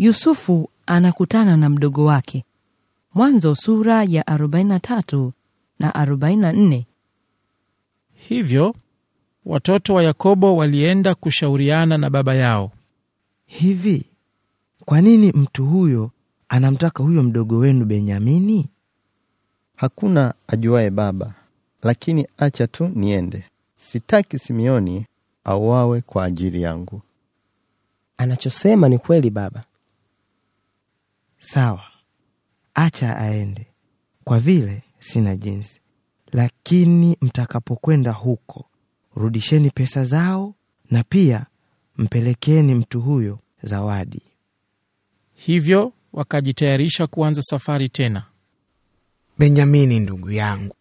Yusufu anakutana na mdogo wake. Mwanzo sura ya 43 na 44. Hivyo watoto wa Yakobo walienda kushauriana na baba yao, hivi kwa nini mtu huyo anamtaka huyo mdogo wenu Benyamini? Hakuna ajuaye baba, lakini acha tu niende, sitaki Simioni auawe kwa ajili yangu. Anachosema ni kweli baba, sawa, acha aende, kwa vile sina jinsi. Lakini mtakapokwenda huko, rudisheni pesa zao na pia mpelekeni mtu huyo zawadi. Hivyo wakajitayarisha kuanza safari tena. Benyamini ndugu yangu,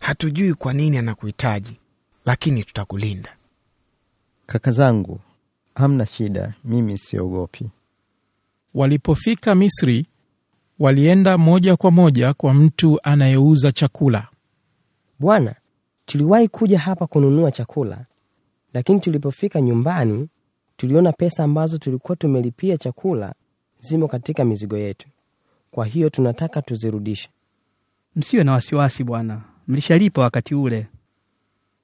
hatujui kwa nini anakuhitaji, lakini tutakulinda. Kaka zangu, hamna shida, mimi siogopi. Walipofika Misri, walienda moja kwa moja kwa mtu anayeuza chakula. Bwana, tuliwahi kuja hapa kununua chakula, lakini tulipofika nyumbani tuliona pesa ambazo tulikuwa tumelipia chakula zimo katika mizigo yetu, kwa hiyo tunataka tuzirudishe. Msiwe na wasiwasi bwana, mlishalipa wakati ule.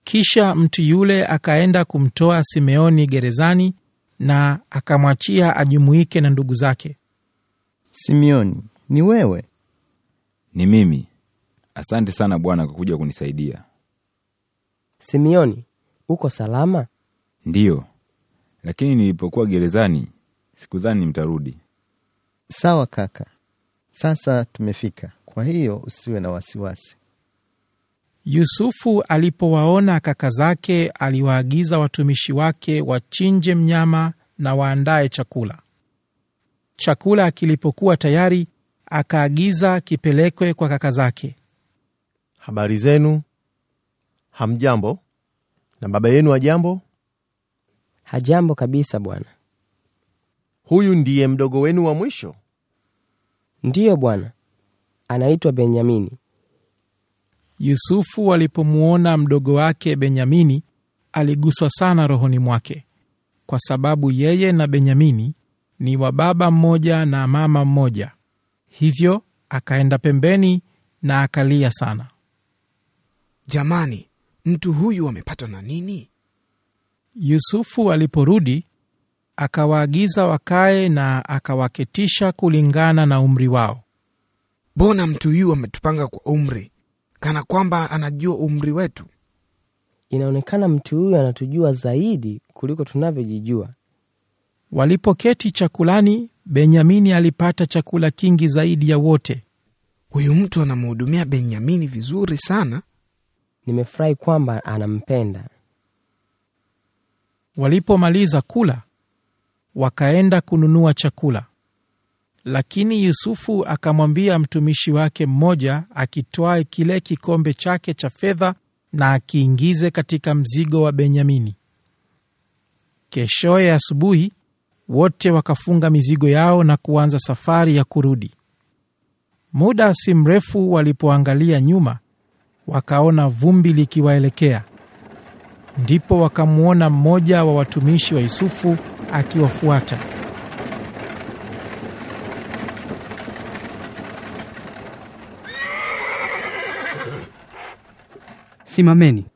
Kisha mtu yule akaenda kumtoa Simeoni gerezani na akamwachia ajumuike na ndugu zake. Simeoni ni wewe? Ni mimi. Asante sana Bwana kwa kuja kunisaidia. Simioni, uko salama? Ndiyo, lakini nilipokuwa gerezani sikudhani mtarudi. Sawa kaka, sasa tumefika, kwa hiyo usiwe na wasiwasi. Yusufu alipowaona kaka zake, aliwaagiza watumishi wake wachinje mnyama na waandaye chakula. Chakula kilipokuwa tayari, akaagiza kipelekwe kwa kaka zake. Habari zenu, hamjambo? Na baba yenu hajambo? Hajambo kabisa bwana. Huyu ndiye mdogo wenu wa mwisho? Ndiyo bwana, anaitwa Benyamini. Yusufu alipomwona mdogo wake Benyamini aliguswa sana rohoni mwake, kwa sababu yeye na Benyamini ni wa baba mmoja na mama mmoja. Hivyo akaenda pembeni na akalia sana. Jamani, mtu huyu amepatwa na nini? Yusufu aliporudi akawaagiza wakae na akawaketisha kulingana na umri wao. Mbona mtu huyu ametupanga kwa umri, kana kwamba anajua umri wetu? Inaonekana mtu huyu anatujua zaidi kuliko tunavyojijua, Walipoketi chakulani, Benyamini alipata chakula kingi zaidi ya wote. Huyu mtu anamhudumia Benyamini vizuri sana. Nimefurahi kwamba anampenda. Walipomaliza kula, wakaenda kununua chakula, lakini Yusufu akamwambia mtumishi wake mmoja akitwae kile kikombe chake cha fedha na akiingize katika mzigo wa Benyamini. Keshoye asubuhi wote wakafunga mizigo yao na kuanza safari ya kurudi. Muda si mrefu walipoangalia nyuma, wakaona vumbi likiwaelekea. Ndipo wakamwona mmoja wa watumishi wa Yusufu akiwafuata. Simameni!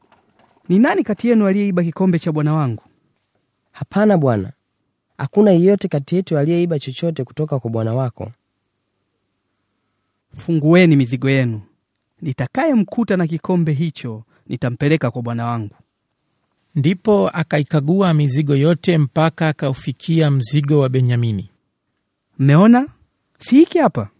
Ni nani kati yenu aliyeiba kikombe cha bwana wangu? Hapana bwana, hakuna yeyote kati yetu aliyeiba chochote kutoka kwa bwana wako. Fungueni mizigo yenu, nitakayemkuta na kikombe hicho nitampeleka kwa bwana wangu. Ndipo akaikagua mizigo yote mpaka akaufikia mzigo wa Benyamini. Mmeona, si hiki hapa?